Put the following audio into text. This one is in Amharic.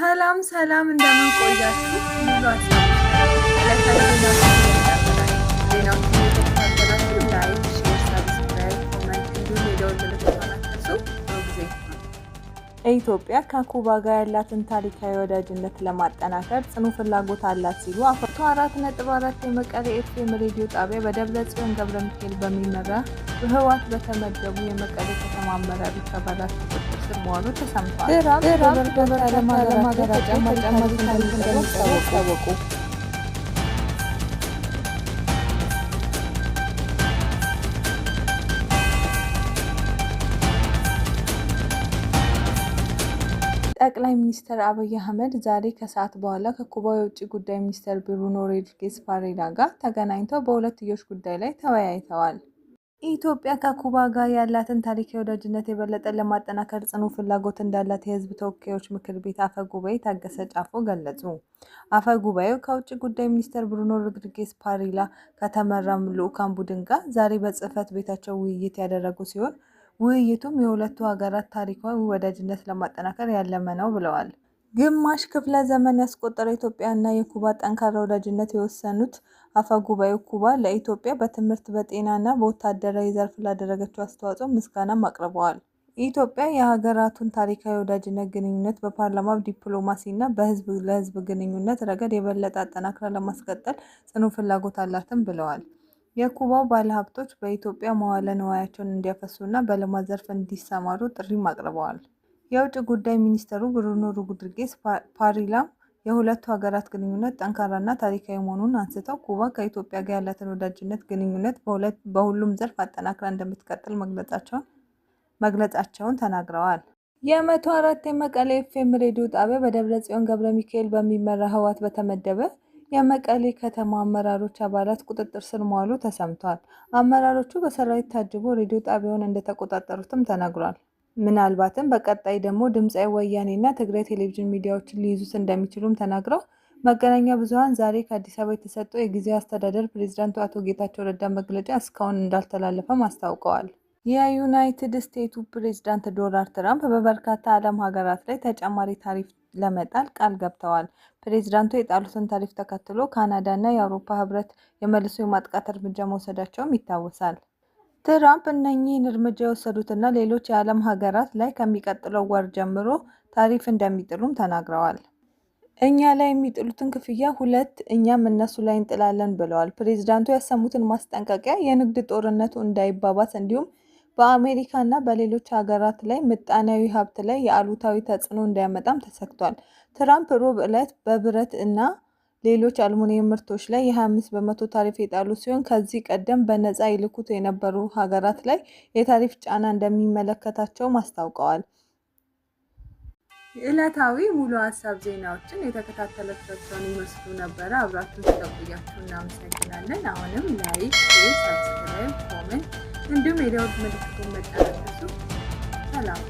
ሰላም ሰላም እንደምን ቆያችሁ? ኢትዮጵያ ከኩባ ጋር ያላትን ታሪካዊ ወዳጅነት ለማጠናከር ጽኑ ፍላጎት አላት ሲሉ አቶ አራት ነጥብ አራት የመቀሌ ኤፍኤም ሬዲዮ ጣቢያ በደብረ ጽዮን ገብረ ሚካኤል በሚመራ በህዋት በተመደቡ የመቀሌ ከተማ አመራሮች አባላት ቁጥጥር ስር መዋሉ ተሰምቷል። ምዕራብ ጠቅላይ ሚኒስትር አብይ አህመድ ዛሬ ከሰዓት በኋላ ከኩባ የውጭ ጉዳይ ሚኒስትር ብሩኖ ሮድሪጌዝ ፓሬራ ጋር ተገናኝተው በሁለትዮሽ ጉዳይ ላይ ተወያይተዋል። ኢትዮጵያ ከኩባ ጋር ያላትን ታሪካዊ ወዳጅነት የበለጠ ለማጠናከር ጽኑ ፍላጎት እንዳላት የሕዝብ ተወካዮች ምክር ቤት አፈ ጉባኤ ታገሰ ጫፎ ገለጹ። አፈ ጉባኤው ከውጭ ጉዳይ ሚኒስትር ብሩኖ ሮድሪጌስ ፓሬራ ከተመራ ልዑካን ቡድን ጋር ዛሬ በጽህፈት ቤታቸው ውይይት ያደረጉ ሲሆን ውይይቱም የሁለቱ ሀገራት ታሪካዊ ወዳጅነት ለማጠናከር ያለመ ነው ብለዋል። ግማሽ ክፍለ ዘመን ኢትዮጵያ ኢትዮጵያና የኩባ ጠንካራ ወዳጅነት የወሰኑት አፈ ጉባኤው ኩባ ለኢትዮጵያ በትምህርት በጤናና በወታደራዊ ዘርፍ ላደረገችው አስተዋጽኦ ምስጋናም አቅርበዋል። ኢትዮጵያ የሀገራቱን ታሪካዊ ወዳጅነት ግንኙነት በፓርላማ ዲፕሎማሲና በህዝብ ለህዝብ ግንኙነት ረገድ የበለጠ አጠናክራ ለማስቀጠል ጽኑ ፍላጎት አላትም ብለዋል። የኩባው ባለሀብቶች በኢትዮጵያ መዋለ ንዋያቸውን እንዲያፈሱና በልማት ዘርፍ እንዲሰማሩ ጥሪም አቅርበዋል። የውጭ ጉዳይ ሚኒስትሩ ብሩኖ ሩጉድርጌስ ፓሪላም የሁለቱ ሀገራት ግንኙነት ጠንካራና ታሪካዊ መሆኑን አንስተው ኩባ ከኢትዮጵያ ጋር ያላትን ወዳጅነት ግንኙነት በሁሉም ዘርፍ አጠናክራ እንደምትቀጥል መግለጻቸውን ተናግረዋል። የመቶ አራት የመቀሌ ኤፍኤም ሬዲዮ ጣቢያ በደብረ ጽዮን ገብረ ሚካኤል በሚመራ ህዋት በተመደበ የመቀሌ ከተማ አመራሮች አባላት ቁጥጥር ስር መዋሉ ተሰምቷል። አመራሮቹ በሰራዊት ታጅቦ ሬዲዮ ጣቢያውን እንደተቆጣጠሩትም ተነግሯል። ምናልባትም በቀጣይ ደግሞ ድምፃዊ ወያኔ ትግራይ ቴሌቪዥን ሚዲያዎችን ሊይዙት እንደሚችሉም ተናግረው መገናኛ ብዙኃን ዛሬ ከአዲስ አበባ የተሰጠው የጊዜያዊ አስተዳደር ፕሬዚዳንቱ አቶ ጌታቸው ረዳ መግለጫ እስካሁን እንዳልተላለፈም አስታውቀዋል። የዩናይትድ ስቴቱ ፕሬዝዳንት ዶናልድ ትራምፕ በበርካታ ዓለም ሀገራት ላይ ተጨማሪ ታሪፍ ለመጣል ቃል ገብተዋል። ፕሬዝዳንቱ የጣሉትን ታሪፍ ተከትሎ ካናዳ እና የአውሮፓ ህብረት የመልሶ የማጥቃት እርምጃ መውሰዳቸውም ይታወሳል። ትራምፕ እነኚህን እርምጃ የወሰዱትና ሌሎች የዓለም ሀገራት ላይ ከሚቀጥለው ወር ጀምሮ ታሪፍ እንደሚጥሉም ተናግረዋል። እኛ ላይ የሚጥሉትን ክፍያ ሁለት እኛም እነሱ ላይ እንጥላለን ብለዋል። ፕሬዚዳንቱ ያሰሙትን ማስጠንቀቂያ የንግድ ጦርነቱ እንዳይባባስ እንዲሁም በአሜሪካና በሌሎች ሀገራት ላይ ምጣኔያዊ ሀብት ላይ የአሉታዊ ተጽዕኖ እንዲያመጣም ተሰግቷል። ትራምፕ ሮብ ዕለት በብረት እና ሌሎች አልሙኒየም ምርቶች ላይ የ25 በመቶ ታሪፍ የጣሉ ሲሆን ከዚህ ቀደም በነፃ ይልኩት የነበሩ ሀገራት ላይ የታሪፍ ጫና እንደሚመለከታቸውም አስታውቀዋል። የዕለታዊ ሙሉ ሀሳብ ዜናዎችን የተከታተለቻቸውን ይመስሉ ነበረ። አብራችሁን ስለቆያችሁ እናመሰግናለን። አሁንም ላይክ፣ ሰብስክራይብ፣ ኮመንት እንዲሁም የዳውድ ምልክቱን መጠራቀሱ ሰላም